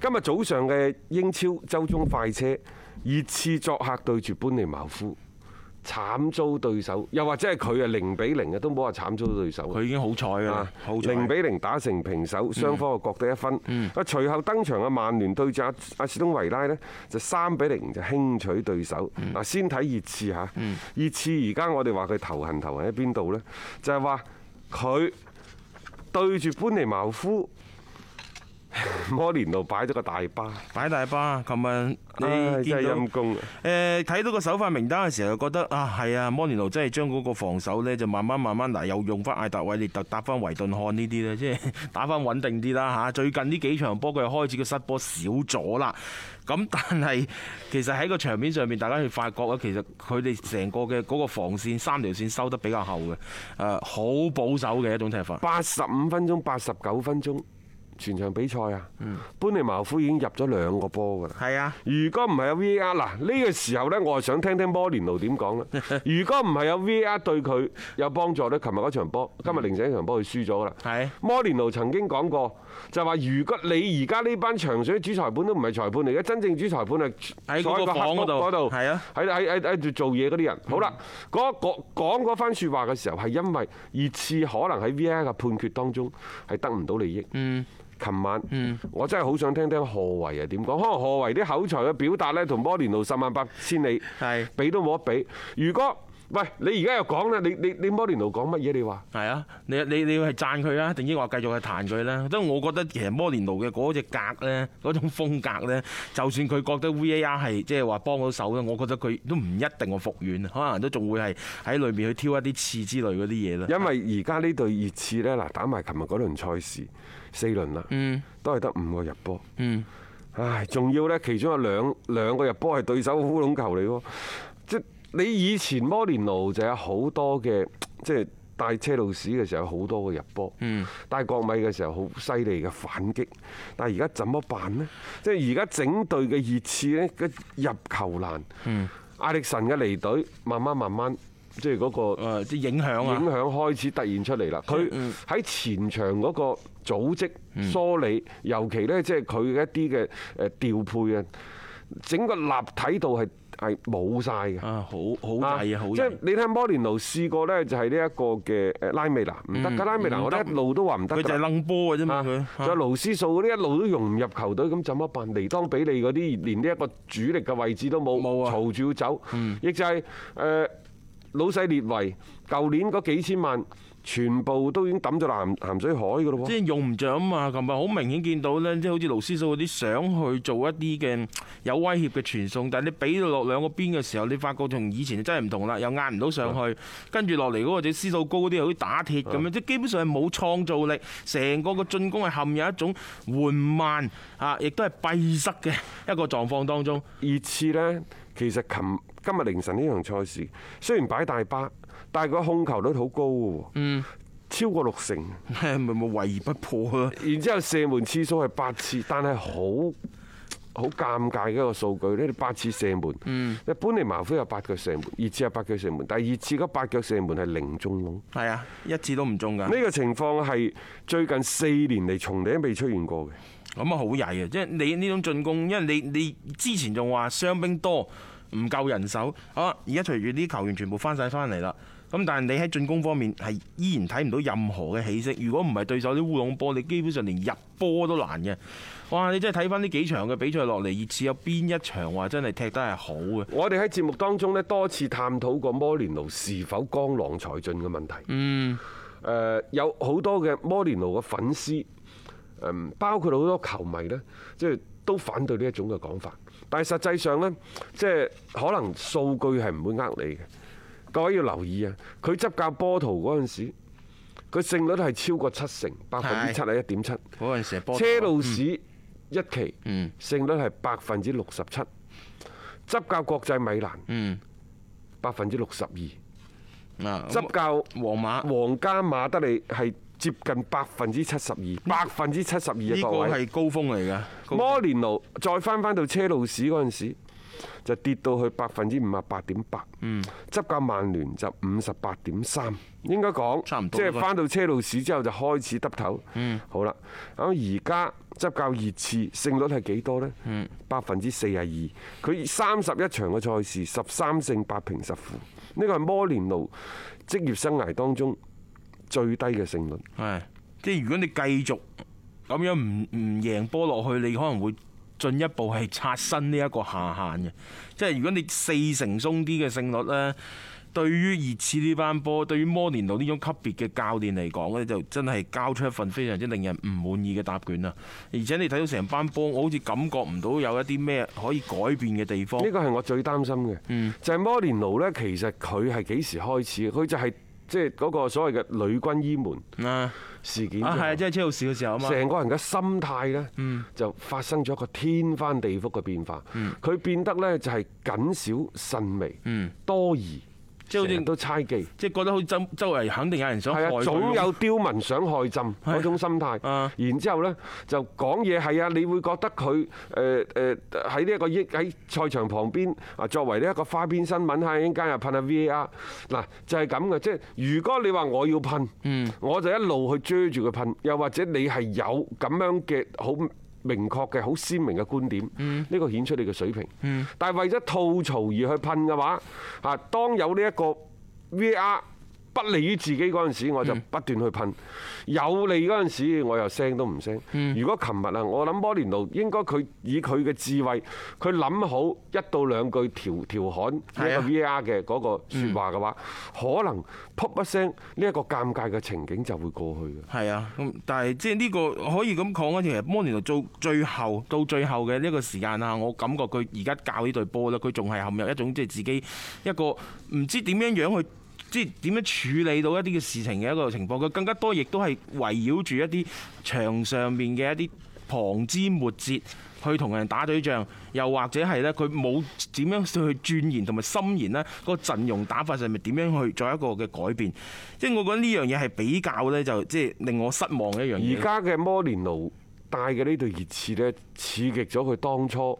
今日早上嘅英超周中快車熱刺作客對住般尼茅夫，慘遭對手，又或者係佢啊零比零啊都唔好話慘遭對手，佢已經好彩啊，零比零打成平手，雙方啊各得一分。啊，嗯、隨後登場嘅曼聯對住阿阿士東維拉呢，就三比零就輕取對手。嗱，先睇熱刺嚇。熱刺而家我哋話佢頭痕頭痕喺邊度呢？就係話佢對住般尼茅夫。摩連奴擺咗個大巴，巴，擺大巴。琴日，你見到誒，睇到個首發名單嘅時候，就覺得啊，係啊，摩連奴真係將嗰個防守呢，就慢慢慢慢嗱，又用翻艾達韋列特，搭翻維頓漢呢啲呢，即係打翻穩定啲啦吓。最近呢幾場波，佢又開始個失波少咗啦。咁但係其實喺個場面上面，大家去發覺啊，其實佢哋成個嘅嗰個防線三條線收得比較厚嘅，誒，好保守嘅一種踢法。八十五分鐘，八十九分鐘。全場比賽啊，般尼茅夫已經入咗兩個波㗎啦。係啊，如果唔係有 VR 嗱，呢個時候呢，我係想聽聽摩連奴點講啦。如果唔係有 VR 對佢有幫助呢，琴日嗰場波，今日凌晨嗰場波佢輸咗㗎啦。係。是的 摩連奴曾經講過。就話，如果你而家呢班場所主裁判都唔係裁判嚟嘅，真正主裁判係喺嗰個房度。係啊，喺喺喺喺做嘢嗰啲人。嗯好。好、那、啦、個，嗰講嗰番説話嘅時候，係因為熱刺可能喺 VI 嘅判決當中係得唔到利益。嗯，琴晚，嗯，我真係好想聽聽何為啊點講，可能何為啲口才嘅表達呢，同摩連奴十萬八千里，係比是 都冇得比。如果喂，你而家又講咧？你你你摩連奴講乜嘢？你話係啊？你你你係讚佢啊，定抑或繼續去彈佢啦？都我覺得其實摩連奴嘅嗰隻格咧，嗰種風格咧，就算佢覺得 VAR 係即係話幫到手咧，我覺得佢都唔一定會復原，可能都仲會係喺裏面去挑一啲刺之類嗰啲嘢啦。因為而家呢隊熱刺咧，嗱打埋琴日嗰輪賽事四輪啦，都係得五個入波。唉，仲要咧，其中有兩兩個入波係對手嘅烏龍球嚟喎。你以前摩連奴就有好多嘅，即係帶車路士嘅時候好多嘅入波；帶國米嘅時候好犀利嘅反擊。但係而家怎麼辦呢？即係而家整隊嘅熱刺呢，入球難。艾歷、嗯、臣嘅離隊，慢慢慢慢，即係嗰個即影響影響開始突現出嚟啦。佢喺前場嗰個組織梳理，尤其呢，即係佢嘅一啲嘅誒調配啊，整個立體度係。係冇曬嘅，啊好好大嘢，好即係你睇摩連奴試過咧，就係呢一個嘅誒拉美蘭唔得嘅拉美蘭，我一路都話唔得，佢就係掕波嘅啫嘛佢，再勞斯數嗰啲一路都融唔入球隊，咁怎乜辦？尼當比利嗰啲連呢一個主力嘅位置都冇，冇啊，嘈住要走，嗯，亦就係誒老細列為舊年嗰幾千萬。全部都已經抌咗鹹鹹水海㗎咯喎！即係用唔着啊嘛！琴日好明顯見到咧，即係好似盧師數嗰啲想去做一啲嘅有威脅嘅傳送，但係你俾到落兩個邊嘅時候，你發覺同以前真係唔同啦，又壓唔到上去，跟住落嚟嗰個啲師數高啲好似打鐵咁樣，即是的 基本上冇創造力，成個個進攻係陷入一種緩慢嚇，亦都係閉塞嘅一個狀況當中。熱刺呢，其實琴今日凌晨呢場賽事雖然擺大巴。但係佢控球率好高嘅，嗯，超過六成，係咪冇圍而不破啊？然之後射門次數係八次，但係好好尷尬嘅一個數據呢，你八次射門，嗯，一般嚟麻飛有八腳射門，二次係八腳射門，第二次嘅八腳射門係零中，係啊，一次都唔中噶。呢個情況係最近四年嚟從嚟都未出現過嘅，咁啊好曳啊！即係你呢種進攻，因為你你之前仲話傷兵多唔夠人手好，而家隨住啲球員全部翻晒翻嚟啦。咁但係你喺進攻方面係依然睇唔到任何嘅氣息。如果唔係對手啲烏龍波，你基本上連入波都難嘅。哇！你真係睇翻呢幾場嘅比賽落嚟，熱刺有邊一場話真係踢得係好嘅？我哋喺節目當中咧多次探討過摩連奴是否江郎才盡嘅問題。嗯。誒，有好多嘅摩連奴嘅粉絲，包括好多球迷呢即係都反對呢一種嘅講法。但係實際上呢，即係可能數據係唔會呃你嘅。各位要留意啊！佢執教波圖嗰陣時，佢勝率係超過七成，百分之七十一點七。嗰陣、那個、時波圖，車路士一期勝、嗯、率係百分之六十七，執教國際米蘭百分之六十二，執、嗯、教皇馬、皇家馬德里係接近百分之七十二，百分之七十二啊！各位係高峰嚟噶。摩連奴再翻翻到車路士嗰陣時。就跌到去百分之五十八點八，嗯執，執教曼聯就五十八點三，應該講差唔多，即係返到車路士之後就開始耷頭嗯，好，嗯，好啦，咁而家執教熱刺勝率係幾多呢？百分之四十二，佢三十一場嘅賽事十三勝八平十負，呢個係摩連奴職業生涯當中最低嘅勝率，係，即係如果你繼續咁樣唔唔贏波落去，你可能會。進一步係刷新呢一個下限嘅，即係如果你四成鬆啲嘅勝率呢，對於熱刺呢班波，對於摩連奴呢種級別嘅教練嚟講咧，就真係交出一份非常之令人唔滿意嘅答卷啦。而且你睇到成班波，我好似感覺唔到有一啲咩可以改變嘅地方。呢個係我最擔心嘅。就係，摩連奴呢，其實佢係幾時開始？佢就係……即係嗰個所謂嘅女軍醫門事件啊，係，即係出事嘅時候啊嘛，成個人嘅心態咧就發生咗一個天翻地覆嘅變化，佢變得咧就係謹小慎微，多疑。即係好多人都猜忌，即係覺得好似周周圍肯定有人想害佢。係啊，總有刁民想害朕嗰種心態。啊，然之後咧就講嘢係啊，你會覺得佢誒誒喺呢一個喺賽場旁邊啊，作為呢一個花邊新聞，下一陣間又噴下 VAR。嗱就係咁嘅，即係如果你話我要噴，嗯，我就一路去追住佢噴。又或者你係有咁樣嘅好。明確嘅好鮮明嘅觀點，呢、mm. 個顯出你嘅水平。Mm. 但係為咗吐槽而去噴嘅話，嚇，當有呢一個 VR。 不利於自己嗰陣時，我就不斷去噴；有利嗰陣時，我又聲都唔聲。如果琴日啊，我諗摩連奴應該佢以佢嘅智慧，佢諗好一到兩句調調侃呢 V R 嘅嗰個説話嘅話，是的 可能噗一聲，呢、這、一個尷尬嘅情景就會過去嘅。係啊，咁但係即係呢個可以咁講咧，其實摩連奴做最後到最後嘅呢個時間啊，我感覺佢而家教呢隊波咧，佢仲係陷入一種即係自己一個唔知點樣樣去。即係點樣處理到一啲嘅事情嘅一個情況，佢更加多亦都係圍繞住一啲場上面嘅一啲旁枝末節去同人打對仗，又或者係呢，佢冇點樣去鑽研同埋深研呢個陣容打法上面係咪點樣去做一個嘅改變？即係我覺得呢樣嘢係比較呢，就即係令我失望一樣嘢。而家嘅摩連奴帶嘅呢隊熱刺呢，刺激咗佢當初。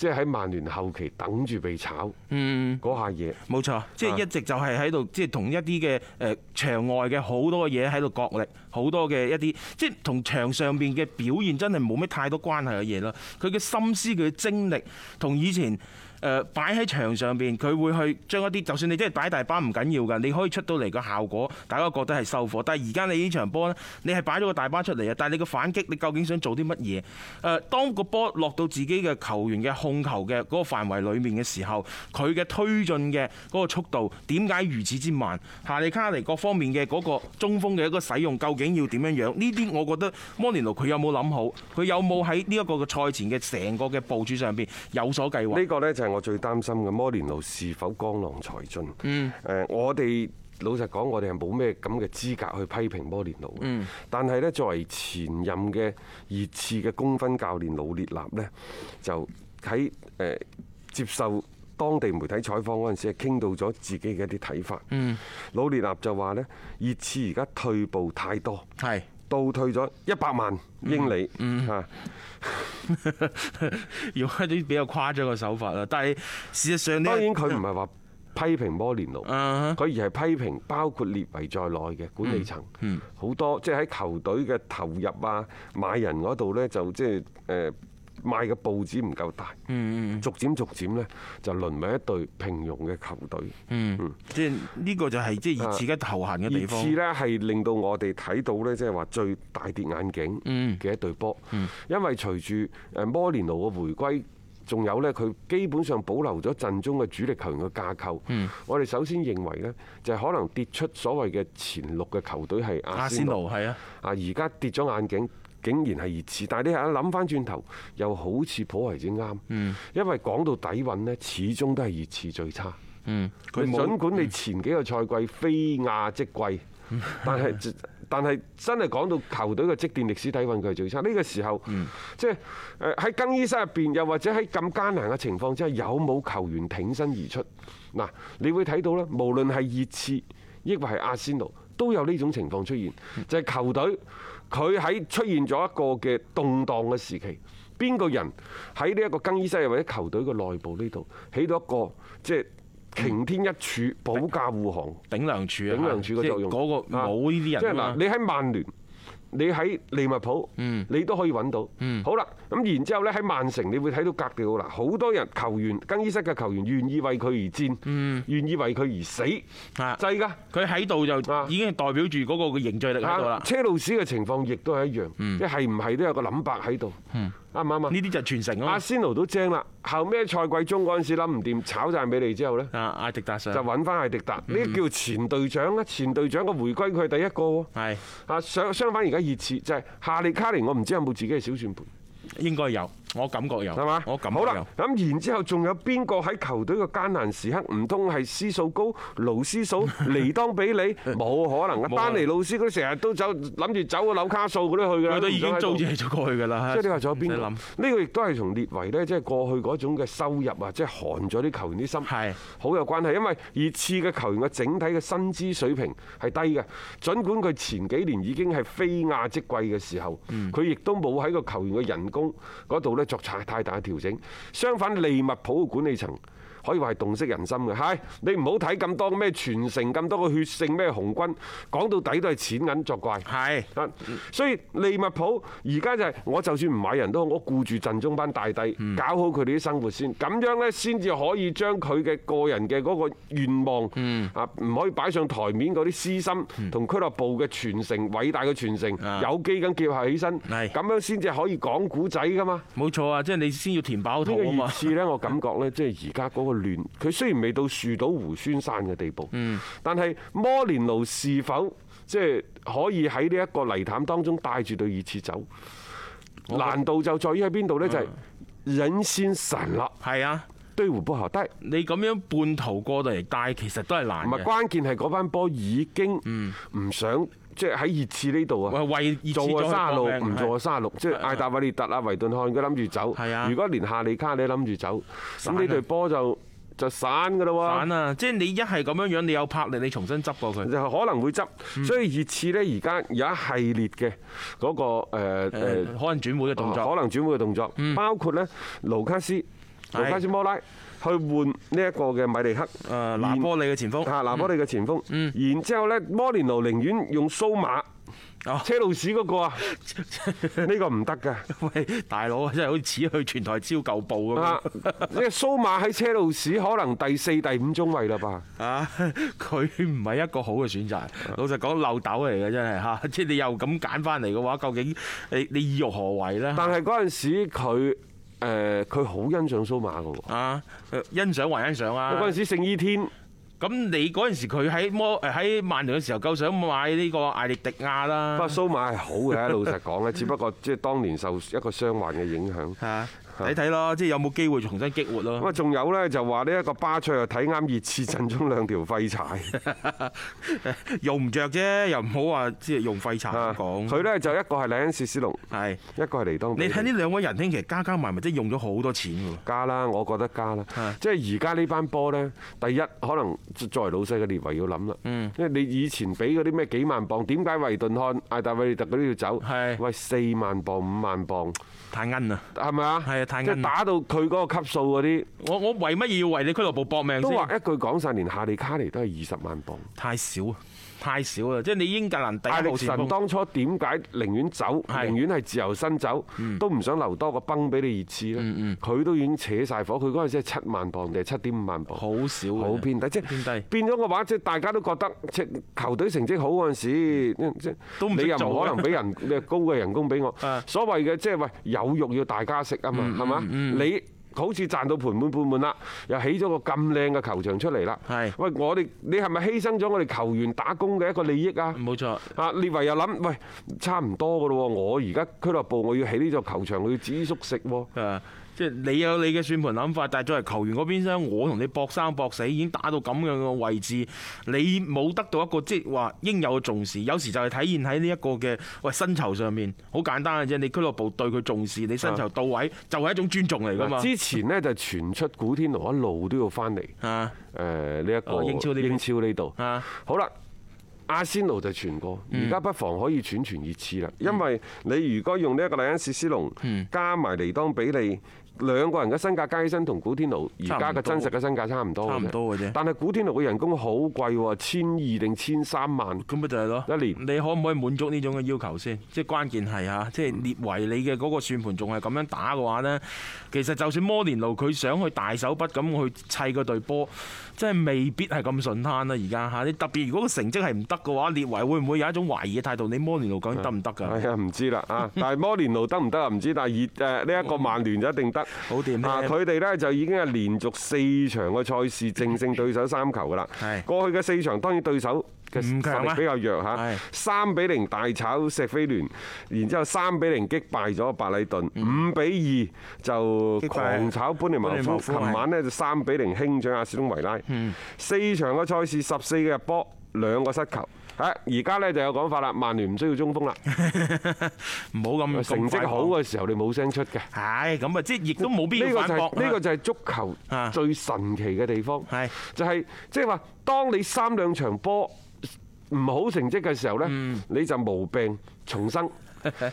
即係喺曼聯後期等住被炒，嗰下嘢冇錯，即係一直就係喺度，即係同一啲嘅誒場外嘅好多嘢喺度角力，好多嘅一啲，即係同場上邊嘅表現真係冇咩太多關係嘅嘢咯。佢嘅心思、佢嘅精力同以前。誒擺喺場上邊，佢會去將一啲就算你真係擺大巴唔緊要㗎，你可以出到嚟個效果，大家覺得係收貨。但係而家你呢場波呢，你係擺咗個大巴出嚟啊！但係你個反擊，你究竟想做啲乜嘢？誒、呃，當個波落到自己嘅球員嘅控球嘅嗰個範圍裡面嘅時候，佢嘅推進嘅嗰個速度點解如此之慢？夏利卡尼各方面嘅嗰個中鋒嘅一個使用究竟要點樣樣？呢啲我覺得摩連奴佢有冇諗好？佢有冇喺呢一個嘅賽前嘅成個嘅部署上邊有所計劃？呢個咧就是。我最擔心嘅摩連奴是否江郎才盡？嗯，誒，我哋老實講，我哋係冇咩咁嘅資格去批評摩連奴。嗯，但係呢，作為前任嘅熱刺嘅公分教練魯列納呢，就喺誒接受當地媒體採訪嗰陣時，係傾到咗自己嘅一啲睇法。魯列納就話呢，熱刺而家退步太多。係。倒退咗一百萬英里、嗯，嚇、嗯， 用一啲比較誇張嘅手法啦。但係事實上、這個，當然佢唔係話批評摩連奴，佢而係批評包括列維在內嘅管理層，好、嗯嗯、多即係喺球隊嘅投入啊、買人嗰度呢，就即係誒。呃賣嘅報紙唔夠大，嗯、逐漸逐漸呢，就淪為一隊平庸嘅球隊。嗯，嗯即係呢個就係即係熱刺嘅頭痕嘅地方。熱刺呢，係令到我哋睇到呢，即係話最大跌眼鏡嘅一隊波。嗯嗯、因為隨住摩連奴嘅回歸，仲有呢，佢基本上保留咗陣中嘅主力球員嘅架構。嗯嗯、我哋首先認為呢，就係可能跌出所謂嘅前六嘅球隊係阿仙奴係啊。啊，而家跌咗眼鏡。竟然係熱刺，但係你啊諗翻轉頭，又好似頗為之啱，嗯、因為講到底蘊咧，始終都係熱刺最差。嗯，佢儘管你前幾個賽季非亞即季、嗯，但係但係真係講到球隊嘅積澱歷史底蘊，佢係最差。呢、呢個時候，即係喺更衣室入邊，又或者喺咁艱難嘅情況之下，有冇球員挺身而出？嗱，你會睇到咧，無論係熱刺，亦或係阿仙奴，都有呢種情況出現，就係、是、球隊。佢喺出現咗一個嘅動盪嘅時期，邊個人喺呢一個更衣室又或者球隊嘅內部呢度起到一個即係、就是、擎天一柱、保駕護航、頂梁柱啊！頂梁柱嘅作用，嗰個冇呢啲人即係嗱，你喺曼聯。你喺利物浦，你都可以揾到、嗯好。好啦，咁然之後呢，喺曼城你會睇到格調啦，好多人球員更衣室嘅球員願意為佢而戰，願意為佢而死。嗯、就依家佢喺度就已經代表住嗰個嘅凝聚力喺度啦。車路士嘅情況亦都係一樣，即係唔係都有個諗白喺度。嗯。啱唔啱啊？呢啲就傳承咯。阿仙奴都正啦，後尾賽季中嗰陣時諗唔掂，炒晒俾你之後咧，阿阿迪達就揾翻阿迪達，呢個叫、嗯、前隊長啦，前隊長個回歸佢係第一個。係啊，相相反而家熱刺就係、是、夏利卡尼，我唔知有冇自己嘅小算盤？應該有。我感覺有，係嘛？我感覺有。好啦，咁然之後仲有邊個喺球隊嘅艱難時刻唔通係司數高老師數嚟當比你？冇可能嘅，丹尼路斯佢成日都走諗住走個紐卡素嗰啲去㗎。佢都已經租咗嚟咗過去㗎啦。即係你話咗邊個？你諗呢個亦都係從列維呢，即係過去嗰種嘅收入啊，即係寒咗啲球員啲心，係好有關係。因為熱刺嘅球員嘅整體嘅薪資水平係低嘅，儘管佢前幾年已經係非亞積貴嘅時候，佢亦都冇喺個球員嘅人工嗰度作太太大嘅調整，相反利物浦管理層。可以話係洞悉人心嘅，係你唔好睇咁多咩傳承，咁多個血性咩紅軍，講到底都係錢銀作怪。係，所以利物浦而家就係、是、我就算唔買人都好，好我顧住陣中班大帝，搞好佢哋啲生活先，咁樣呢，先至可以將佢嘅個人嘅嗰個願望，啊唔、嗯嗯、可以擺上台面嗰啲私心，同俱樂部嘅傳承、偉大嘅傳承，是的 有機咁結合起身，咁是的 樣先至可以講古仔噶嘛。冇錯啊，即係你先要填飽肚啊嘛。呢個意思咧，我感覺呢，即係而家亂，佢雖然未到樹倒猢猻散嘅地步，嗯、但係摩連奴是否即係、就是、可以喺呢一個泥潭當中帶住隊熱刺走？覺難度就在於喺邊度呢？嗯、就係引先神力，係是啊，堆湖波後，但係你咁樣半途過嚟帶，但其實都係難。唔係，關鍵係嗰班波已經唔想。即係喺熱刺呢度啊！為做個沙魯，唔做個沙魯，即係艾達維列特啊、維頓漢，佢諗住走。係啊如果連夏利卡你諗住走，咁呢隊波就就散噶啦喎！散啊！即係你一係咁樣樣，你有魄力，你重新執過佢。就可能會執。所以熱刺呢，而家有一系列嘅嗰、那個誒可能轉會嘅動作，可能轉會嘅動、啊、動作，嗯、包括呢盧卡斯、盧卡斯摩拉，去換呢一個嘅米利克，誒，拿波利嘅前鋒，嚇後，拿波利嘅前鋒。嗯、然之後咧，摩連奴寧願用蘇馬，嗯、車路士嗰、那個啊，呢、這個唔得㗎。喂，大佬真係好似似去全台招舊報咁。呢個蘇馬喺車路士可能第四、第五中位啦吧。啊，佢唔係一個好嘅選擇。老實講，漏豆嚟嘅真係嚇，即係你又咁揀翻嚟嘅話，究竟你你意欲何為咧？但係嗰陣時佢。誒，佢好欣賞蘇馬嘅喎，啊，欣賞還欣賞啊！嗰陣時勝於天，咁你嗰陣時佢喺摩，誒，喺曼聯嘅時候，夠想買呢個艾力迪亞啦。不過蘇馬係好嘅，老實講咧，只不過即係當年受一個傷患嘅影響。睇睇咯，即係有冇機會重新激活咯。咁啊，仲有咧就話呢一個巴塞又睇啱熱刺陣中兩條廢柴，用唔着啫，又唔好話即係用廢柴嚟講。佢咧就一個係兩恩士斯隆，係一個係尼東。你睇呢兩個人兄，其實加加埋埋即係用咗好多錢加啦，我覺得加啦。即係而家呢班波咧，第一可能作為老細嘅列位要諗啦。因為你以前俾嗰啲咩幾萬磅，點解維頓漢、艾達維特嗰啲要走？喂，四萬磅、五萬磅。太奀啦！係咪啊？係啊！即係打到佢嗰個級數嗰啲，我我為乜嘢要為你俱樂部搏命？先話一句講晒，連夏利卡尼都係二十萬磅，太少啊！太少啦！即係你英格蘭第一號神，當初點解寧願走，是 寧願係自由身走，都唔想留多個崩俾你熱刺，咧？佢都已經扯晒火，佢嗰陣時係七萬磅定係七點五萬磅？好少，好偏低，即係變咗嘅話，即係大家都覺得成球隊成績好嗰陣時、嗯你，你又唔可能俾人高嘅人工俾我？是的 所謂嘅即係喂，有肉要大家食啊嘛，係嘛、嗯嗯嗯？你。好似賺到盆滿缽滿啦，又起咗個咁靚嘅球場出嚟啦是。係，喂，我哋你係咪犧牲咗我哋球員打工嘅一個利益啊？冇錯。啊，列維又諗，喂，差唔多噶咯喎，我而家俱樂部我要起呢座球場，我要子叔食喎。即係你有你嘅算盤諗法，但係作為球員嗰邊咧，我同你搏生搏死，已經打到咁樣嘅位置，你冇得到一個即係話應有嘅重視，有時就係體現喺呢一個嘅喂薪酬上面，好簡單嘅啫。你俱樂部對佢重視，你薪酬到位，是的 就係一種尊重嚟噶嘛。之前呢，就傳出古天奴一路都要翻嚟，誒呢一個英超英超呢度的，好啦，阿仙奴就傳過，而家不妨可以傳傳熱刺啦，因為你如果用呢一個萊恩史斯隆加埋尼當比利。兩個人嘅身價加起身同古天奴而家嘅真實嘅身價差唔多，差唔多嘅啫。但係古天奴嘅人工好貴喎，千二定千三萬。咁咪就係咯，一年。你可唔可以滿足呢種嘅要求先？即係關鍵係啊，即係列維你嘅嗰個算盤仲係咁樣打嘅話呢，其實就算摩連奴佢想去大手筆咁去砌嗰隊波，即係未必係咁順攤啦。而家你特別，如果個成績係唔得嘅話，列維會唔會有一種懷疑嘅態度？你摩連奴究竟得唔得㗎？哎呀，唔知啦！但係摩連奴得唔得啊？唔知。但係呢一個曼聯就一定得。好掂啊！佢哋呢就已經係連續四場嘅賽事淨勝對手三球噶啦。係過去嘅四場，當然對手嘅實力比較弱吓，三比零大炒石飛聯，然之後三比零擊敗咗白禮頓，五比二就狂炒潘尼莫夫，琴晚呢就三比零輕取阿斯東維拉。四嗎場嘅賽事十四個入波，兩個失球。誒而家咧就有講法啦，曼聯唔需要中鋒啦，唔好咁樣。成績好嘅時候，你冇聲出嘅。係咁啊，即係亦都冇必要反駁。呢個就係、呢個就係、足球最神奇嘅地方，係就係即係話，就是、當你三兩場波唔好成績嘅時候咧，你就毛病重生。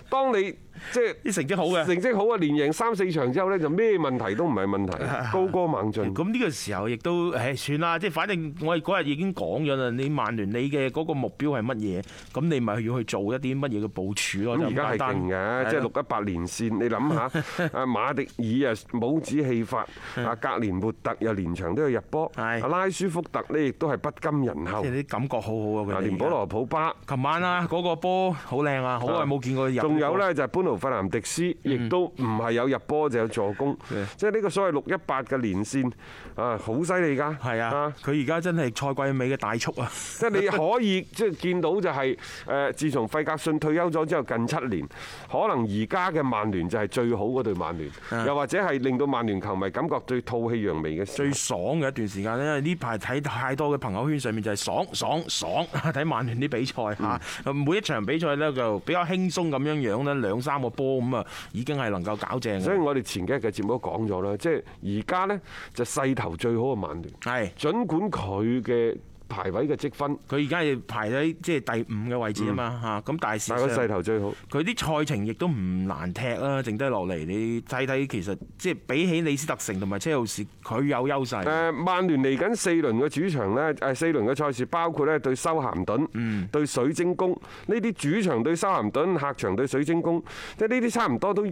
當你即係啲成績好嘅，成績好嘅，連贏三四場之後咧，就咩問題都唔係問題，高歌猛進。咁呢個時候亦都，唉，算啦，即係反正我哋嗰日已經講咗啦。你曼聯，你嘅嗰個目標係乜嘢？咁你咪要去做一啲乜嘢嘅部署咯。咁而家係勁嘅，即係六一八連線。你諗下，阿馬迪爾啊，帽子戲法，阿格連沃特又連場都有入波，阿拉舒福特咧亦都係不甘人後。即係啲感覺好好啊！連保羅普巴，琴晚啊嗰個波好靚啊，好耐冇見過入。仲有咧就搬。弗南迪斯亦都唔係有入波就有助攻，即係呢個所謂六一八嘅連線啊，好犀利噶，係啊，佢而家真係賽季尾嘅大促啊！即係你可以即係見到就係誒，自從費格遜退休咗之後，近七年可能而家嘅曼聯就係最好嗰隊曼聯，又或者係令到曼聯球迷感覺最吐氣揚眉嘅最爽嘅一段時間咧，因為呢排睇太多嘅朋友圈上面就係爽爽爽爽，睇曼聯啲比賽吓，每一場比賽咧就比較輕鬆咁樣樣咧，兩三。個波咁啊，已經係能夠搞正。所以我哋前幾日嘅節目都講咗啦，即係而家咧就勢頭最好嘅曼聯，係，盡管佢嘅。排位嘅積分，佢而家要排喺即係第五嘅位置啊嘛嚇，咁大市上，大個勢頭最好。佢啲賽程亦都唔難踢啦，剩低落嚟你睇睇，其實即係比起李斯特城同埋車路士，佢有優勢。誒，曼聯嚟緊四輪嘅主場呢，誒四輪嘅賽事包括呢對修咸頓，對水晶宮，呢啲主場對修咸頓、客場對水晶宮，即係呢啲差唔多都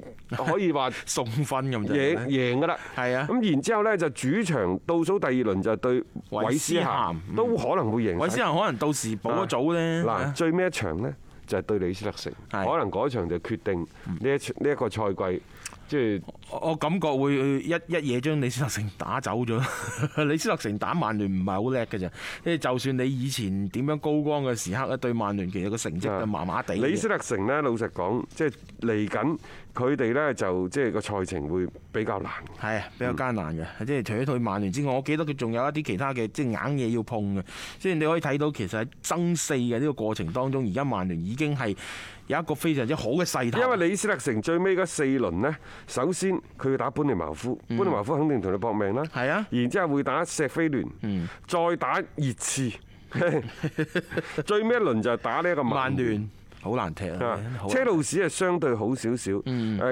可以話 送分咁樣贏贏㗎啦。係啊，咁然之後呢，就主場倒數第二輪就對韋斯咸都。可能會贏。韋斯可能到時補一組咧。嗱，最尾一場咧就係對里斯特城，是的 可能嗰場就決定呢一呢一個賽季。即係、就是、我感覺會一一嘢將李斯特城打走咗。 李斯特城打曼聯唔係好叻㗎咋，即係就算你以前點樣高光嘅時刻咧，對曼聯其實個成績就麻麻地。李斯特城呢，老實講，即係嚟緊佢哋呢，就即係個賽程會比較難。係啊，比較艱難嘅。即係除咗對曼聯之外，我記得佢仲有一啲其他嘅即係硬嘢要碰嘅。即係你可以睇到其實喺爭四嘅呢個過程當中，而家曼聯已經係。有一個非常之好嘅勢頭。因為李斯特城最尾嗰四輪呢，首先佢要打本尼茅夫，本尼茅夫肯定同你搏命啦。係啊。然之後會打錫菲聯，再打熱刺， 最尾一輪就打呢一個曼聯。好難踢啊！踢車路士係相對好少少，誒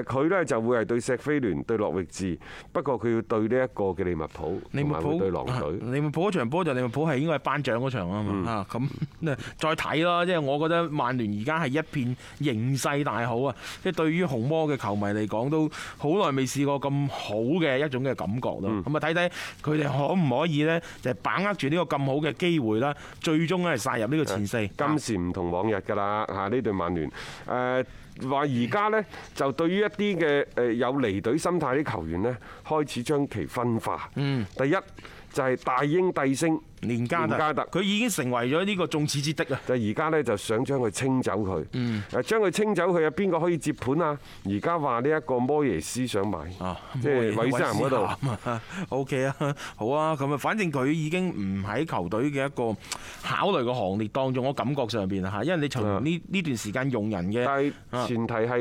佢呢就會係對錫菲聯、對諾域治，不過佢要對呢一個嘅利物浦，利物浦對狼隊。利物浦嗰場波就利物浦係應該係頒獎嗰場啊嘛。咁、嗯，再睇咯，即係我覺得曼聯而家係一片形勢大好啊！即係對於紅魔嘅球迷嚟講，都好耐未試過咁好嘅一種嘅感覺咯。咁啊睇睇佢哋可唔可以呢？就係把握住呢個咁好嘅機會啦，最終咧係殺入呢個前四。嗯、今時唔同往日㗎啦，嚇呢～對曼聯，誒話而家咧就對於一啲嘅誒有離隊心態啲球員咧，開始將其分化。嗯，第一。就係大英帝星連加特，佢加已經成為咗呢個眾矢之的啊、嗯！就而家呢，就想將佢清走佢，誒將佢清走佢有邊個可以接盤啊？而家話呢一個摩耶斯想買，即係韋斯咸嗰度。O K 啊，okay, 好啊，咁啊，反正佢已經唔喺球隊嘅一個考慮嘅行列當中。我感覺上邊嚇，因為你從呢呢段時間用人嘅前提係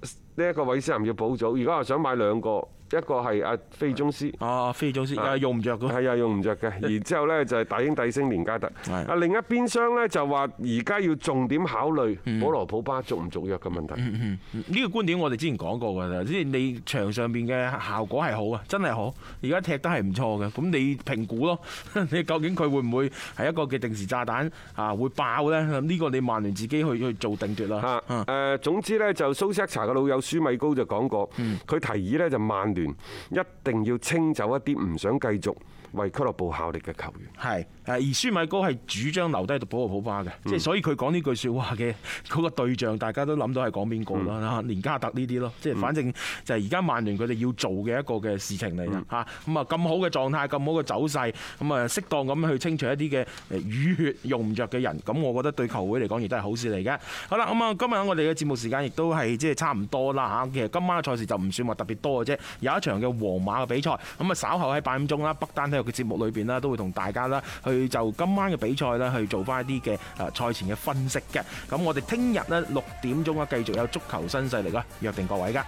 呢一個韋斯咸要補組，如果話想買兩個。一個係阿菲爾莊斯，啊菲爾莊斯，係用唔着嘅，係啊用唔着嘅。然之後呢，就係大英帝星連加特，啊另一邊廂呢，就話而家要重點考慮保羅普巴續唔續約嘅問題，嗯。呢、嗯嗯嗯嗯這個觀點我哋之前講過㗎啦，即係你場上邊嘅效果係好啊，真係好。而家踢得係唔錯嘅，咁你評估咯，你究竟佢會唔會係一個嘅定時炸彈啊會爆呢？咁、這、呢個你曼聯自己去去做定奪啦，嗯。啊誒總之呢，就蘇塞查嘅老友舒米高就講過，佢提議呢就曼一定要清走一啲唔想繼續，為俱樂部效力嘅球員，係而舒米高係主張留低讀保羅普巴嘅。即係、嗯、所以佢講呢句説話嘅嗰個對象，大家都諗到係講邊個啦？哈，連加特呢啲咯，即係反正就係而家曼聯佢哋要做嘅一個嘅事情嚟啦，嚇咁啊，咁好嘅狀態，咁好嘅走勢，咁啊，適當咁去清除一啲嘅淤血、用唔着嘅人，咁我覺得對球會嚟講亦都係好事嚟嘅。好啦，咁啊今日我哋嘅節目時間亦都係即係差唔多啦嚇。其實今晚嘅賽事就唔算話特別多嘅啫，有一場嘅皇馬嘅比賽，咁啊稍後喺八點鐘啦，北單嘅節目裏邊啦，都會同大家啦，去就今晚嘅比賽啦，去做翻一啲嘅啊賽前嘅分析嘅。咁我哋聽日呢六點鐘啊，繼續有足球新勢力啊，約定各位㗎。